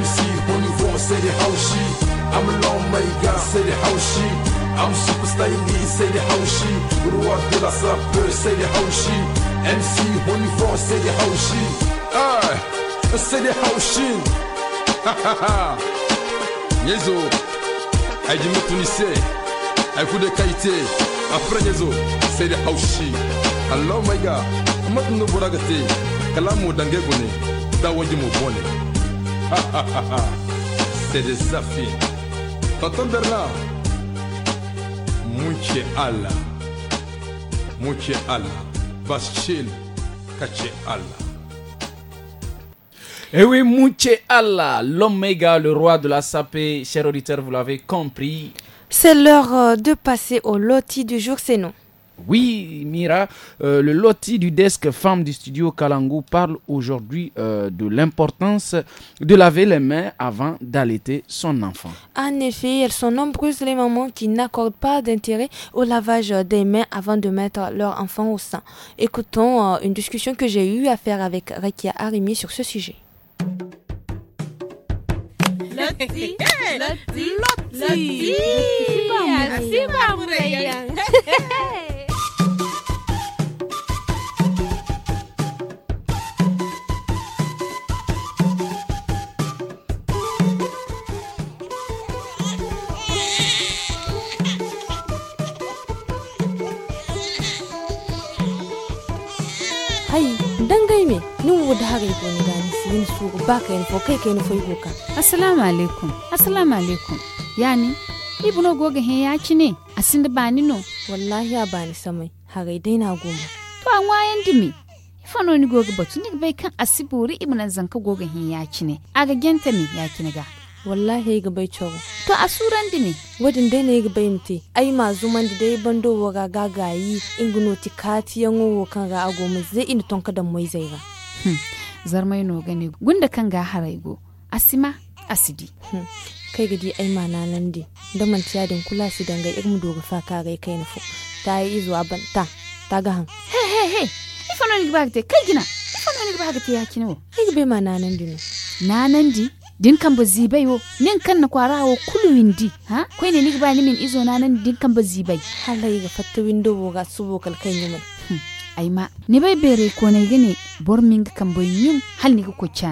MC on y niveau, c'est des haushi. I'm low my c'est des haushi. I'm super c'est des haushi. Roi de la sapeur, c'est des haushi. MC on y niveau, c'est des haushi. Ah, c'est des haushi. shit. Ha ha ha. Yezo, aidez-moi ay de qualité, après les autres, c'est da haushi allah mai ga matan nubura ga te kalamu dange gune da wani c'est des affaires tonton bernard Mouche allah muke allah bashil kace allah Et eh oui, Mouche Allah, l'Omega, le roi de la sapée, cher auditeur, vous l'avez compris. C'est l'heure euh, de passer au loti du jour, c'est nous. Oui, Mira, euh, le loti du desk femme du studio Kalangu parle aujourd'hui euh, de l'importance de laver les mains avant d'allaiter son enfant. En effet, elles sont nombreuses les mamans qui n'accordent pas d'intérêt au lavage des mains avant de mettre leur enfant au sein. Écoutons une discussion que j'ai eu à faire avec Rekia Arimi sur ce sujet loti, loti, loti. Así vamos, su ba ka yin kai ka fai goka. Asalamu alaikum asalamu alaikum yani no goga he ya ci ne da bani no wallahi ya bani samai harai dai na goma to an wayan dimi fano ni goga batu tuni bai kan asibori na zanka goga he ya ci ne ga genta ne ya kiniga wallahi ga bai cewa to a suran dimi wadin dai ne ga bai mti ai ma zuman da dai bando ga gagayi ingino tikati yan ngowo kan ra ago zai ina tonka da mai zai ga hmm. zarmai no gane gunda kan ga haraigo asima asidi hmm. kai gidi ai mana nan de da man tiya din kula su danga irin dogo fa ka ga kai nufu ta yi izo a ta ta ga han he he he ifa no ni bagte kai gina ifa no ni bagte ya kino kai be mana nan na nan di din kan ba zibai wo nin kan na kwarawo kulu windi ha kai ne ni ba ni min izo na nan din kan ba zibai halai ga fatta window ga subo kalkan yimin hmm. aima ni bai bere ne gine bor minga kambo yum hal ni ko ji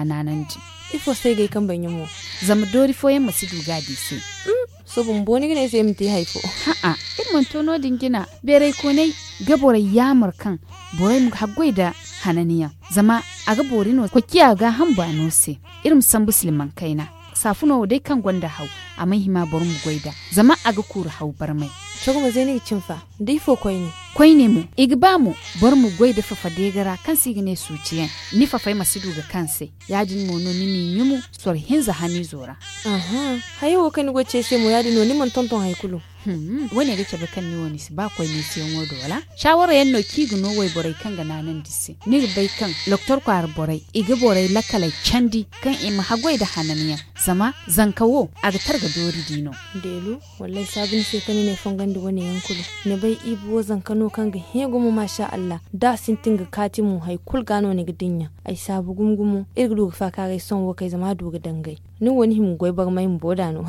ifo sai gai kambo mu zama dori fo yamma sidu gadi se mm. so bo ne gine sai ti haifo ha a mun tono dingina bere kone ya yamar kan bore mu da hananiya zama a ga bore no ko kiya ga han no se irin san musliman kaina safuno dai kan gwanda hau a mahima bor mu goida zama aga kura hau bar mai chogo zeni chimfa difo koyni koyne mu igba mu bor mu goida fa fadegara kan su suciyan ni fa fai masidu ga kanse yajin mono nimi nyumu sor hinza hani zora aha hayo kan goce se mu yadi no ni tonton haikulu wani hmm. wani rike bakan ni wani ba kwai ne siyan wado wala shawara yan no ki gno wai borai kan ga nanan disi ni bai kan loktor kwar borai iga borai lakalai candi kan ima hagwai da hananiya zama zankawo a ga targa ka dori dino delu wallai sabin sai kani ne fangan da wani yankulu ne bai ibu wazan kano kan ga hego masha Allah da sun tinga kati mu haikul kul gano ne gidinya ai sabu gumgumu irgudu fa ka gai son wakai zama duga dangai ni wani himu goy bar mai boda no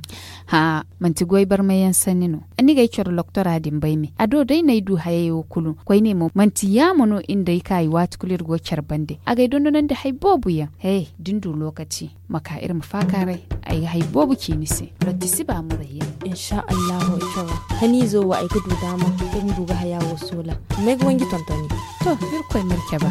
(laughs) ha manti ti bar mai yan sani no ani gai kyoro loktora adin bai mi. ado dai na nai du yau kulu kwai ne mo manti ti ya mono inda kai wat tukulir go charbande agai dondonan da hay bobu ya hey dindu lokaci irin yi. mufakarai ay haibobu rati si ba mu in insha Allah ikara hani zo wa aiki kudu dama kun duga hayawo sola mai wangi tantani to bir koy ba.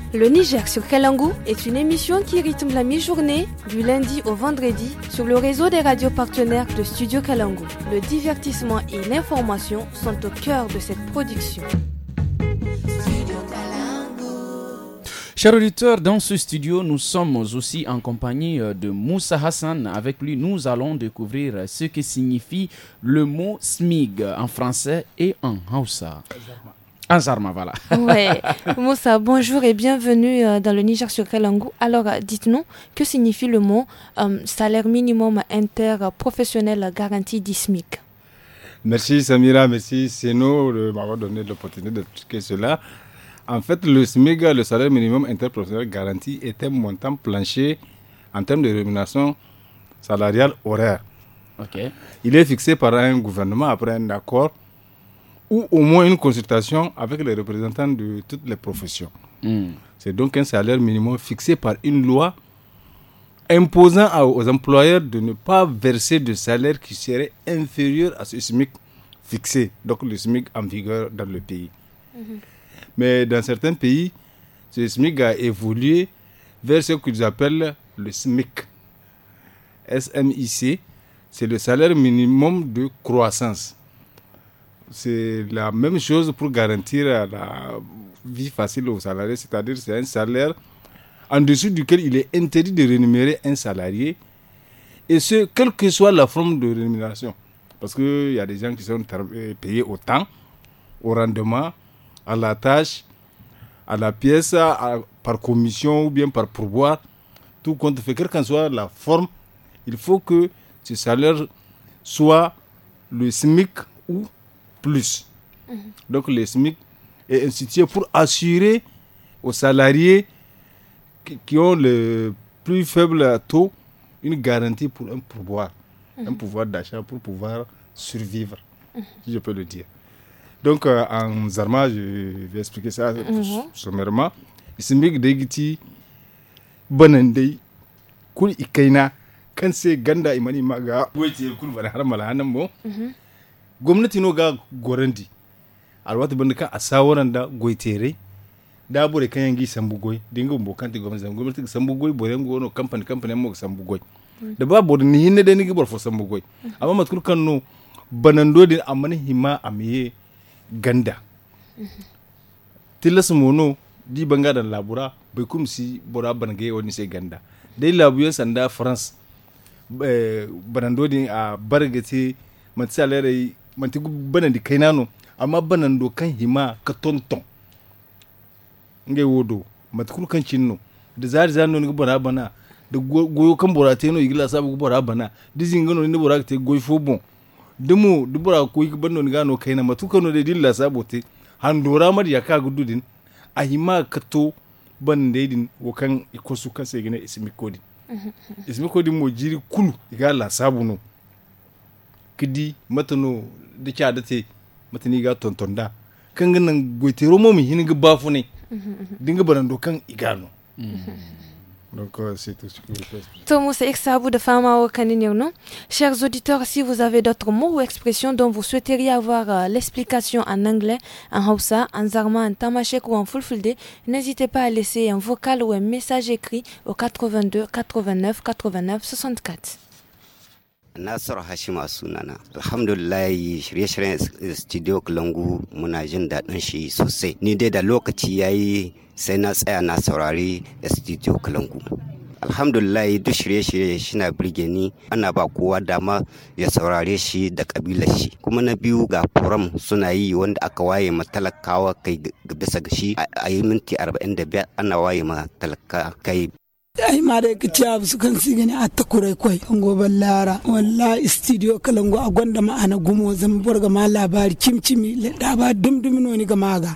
Le Niger sur Kalangu est une émission qui rythme la mi-journée du lundi au vendredi sur le réseau des radios partenaires de Studio Kalangu. Le divertissement et l'information sont au cœur de cette production. Chers auditeurs, dans ce studio, nous sommes aussi en compagnie euh, de Moussa Hassan. Avec lui, nous allons découvrir euh, ce que signifie le mot SMIG en français et en Hausa. Oui, voilà. (laughs) (laughs) Moussa, bonjour et bienvenue euh, dans le Niger sur l'angu. Alors, euh, dites-nous, que signifie le mot euh, salaire minimum interprofessionnel garanti du SMIC Merci Samira, merci Seno de m'avoir donné l'opportunité d'expliquer cela. En fait, le SMIC, le salaire minimum interprofessionnel garanti, est un montant plancher en termes de rémunération salariale horaire. Il est fixé par un gouvernement après un accord ou au moins une consultation avec les représentants de toutes les professions. Hmm. C'est donc un salaire minimum fixé par une loi imposant aux employeurs de ne pas verser de salaire qui serait inférieur à ce SMIC fixé, donc le SMIC en vigueur dans le pays. Mhm. Mais dans certains pays, ce SMIC a évolué vers ce qu'ils appellent le SMIC. SMIC, c'est le salaire minimum de croissance c'est la même chose pour garantir la vie facile aux salariés, c'est-à-dire c'est un salaire en dessous duquel il est interdit de rémunérer un salarié, et ce, quelle que soit la forme de rémunération. Parce qu'il y a des gens qui sont euh, payés au temps, au rendement, à la tâche, à la pièce, par commission ou bien par pourboire. Tout compte fait, quelle qu'en soit la forme, il faut que ce salaire soit le SMIC ou plus. Donc le SMIC est institué pour assurer aux salariés qui ont le plus faible taux une garantie pour un pouvoir, un pouvoir d'achat pour pouvoir survivre, si je peux le dire. Donc euh, en Zarma, je vais expliquer ça mhm. sommairement. Le SMIC d'Egiti, Banandei, Kul Ikaina, Kanse Ganda Imani Maga, Kul gwamnati no ga gorandi alwati bani ka asawaran da goitere da bure kan yangi sambu goy dinga mbo kanti gwamnati gwamnati sambu goi bore ngo no company company mo sambu goy da ba bo ni hinne da ni gibor fo sambu goy amma matkur kan no banando din amma ni hima amiye ganda tilas no di banga dan labura bai kum si bora banage wani sai ganda dai labuye sanda france eh, banando din a ah, bargati matsalare manti banan di kainano amma banan do kan hima ka tonton ngai wodo matkul kan cinno da zari zari no bora bana da goyo kan bora te no igila sabu bora bana dizin gano ni bora te goy fo bon dumu du bora ko yi banno ni gano kaina matuka no de dilla sabu te handora mar ya ka gududin a hima ka to ban daidin wakan ikosu kan sai gina (laughs) ismi kodi mo jiri kulu igala sabu no kidi matano di ga kan igano mm-hmm. euh, c'est Fama Chers auditeurs, si vous avez d'autres mots ou expressions dont vous souhaiteriez avoir euh, l'explication en anglais, en Hausa, en Zarma, en Tamashek ou en Fulfulde, n'hésitez pas à laisser un vocal ou un message écrit au 82 89 89 64. Nasir Hashima sunana. Alhamdulillah shirye-shiryen Studio Kulangu muna jin daɗin shi sosai. Ni dai da lokaci ya yi sai na tsaya na saurari Studio Kulangu. Alhamdulillah duk shirye-shirye shina birge ni ana ba kowa dama ya saurare shi da kabilar shi. Kuma na biyu ga forum suna yi wanda aka waye ma talakawa kai bisa ga shi a yi minti 45 ana waye ma talaka kai ai ma da kici abu su kan si gani ta kurai kwai kango ballara walla studio kalango a gwanda ma'ana na gumo zan borga ma labari kimcimi da ba dumdumino ni ga maga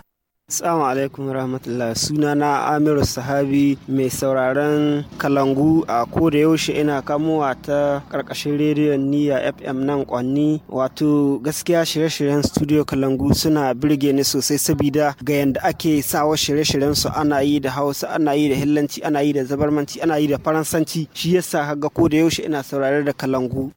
Assalamu alaikum rahmatullah suna na Amiru Sahabi mai sauraron kalangu a koda yaushe ina kamowa ta karkashin rediyon niya FM nan kwanni wato gaskiya shirye-shiryen studio kalangu suna birge ni sosai sabida ga yadda ake sawa shirye-shiryen su ana yi da Hausa ana yi da Hillanci ana yi da Zabarmanci ana yi da Faransanci shi yasa ga koda yaushe ina saurare da kalangu.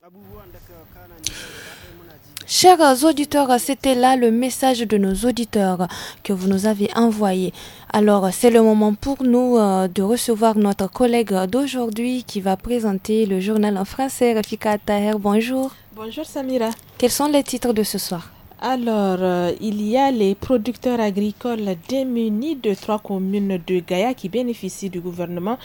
Chers auditeurs, c'était là le message de nos auditeurs que vous nous avez envoyé. Alors, c'est le moment pour nous euh, de recevoir notre collègue d'aujourd'hui qui va présenter le journal en français. Rafika Taher, bonjour. Bonjour Samira. Quels sont les titres de ce soir alors, euh, il y a les producteurs agricoles démunis de trois communes de Gaïa qui bénéficient du gouvernement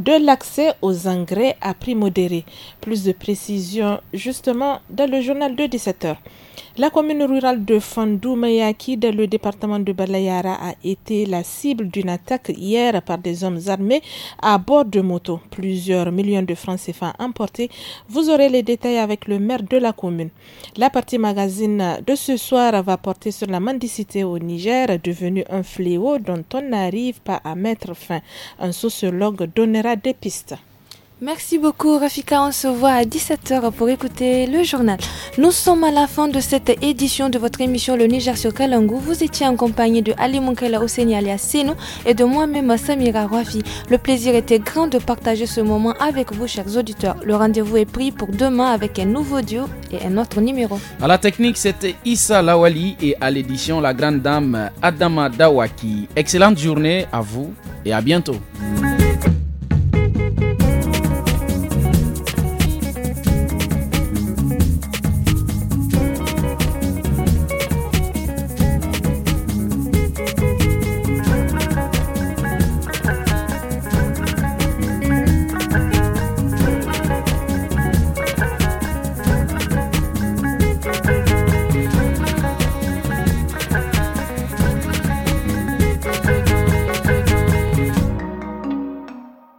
de l'accès aux engrais à prix modéré. Plus de précisions justement dans le journal de 17h. La commune rurale de Fandoumayaki, dans le département de Balayara, a été la cible d'une attaque hier par des hommes armés à bord de moto. Plusieurs millions de francs CFA emportés. Vous aurez les détails avec le maire de la commune. La partie magazine de ce soir va porter sur la mendicité au Niger, devenue un fléau dont on n'arrive pas à mettre fin. Un sociologue donnera des pistes. Merci beaucoup Rafika, on se voit à 17h pour écouter le journal. Nous sommes à la fin de cette édition de votre émission Le Niger sur Kalangu. Vous étiez en compagnie de Ali Munkela Ouseni Alia Seno et de moi-même Samira Rafi. Le plaisir était grand de partager ce moment avec vous chers auditeurs. Le rendez-vous est pris pour demain avec un nouveau duo et un autre numéro. À la technique, c'était Issa Lawali et à l'édition la grande dame Adama Dawaki. Excellente journée à vous et à bientôt.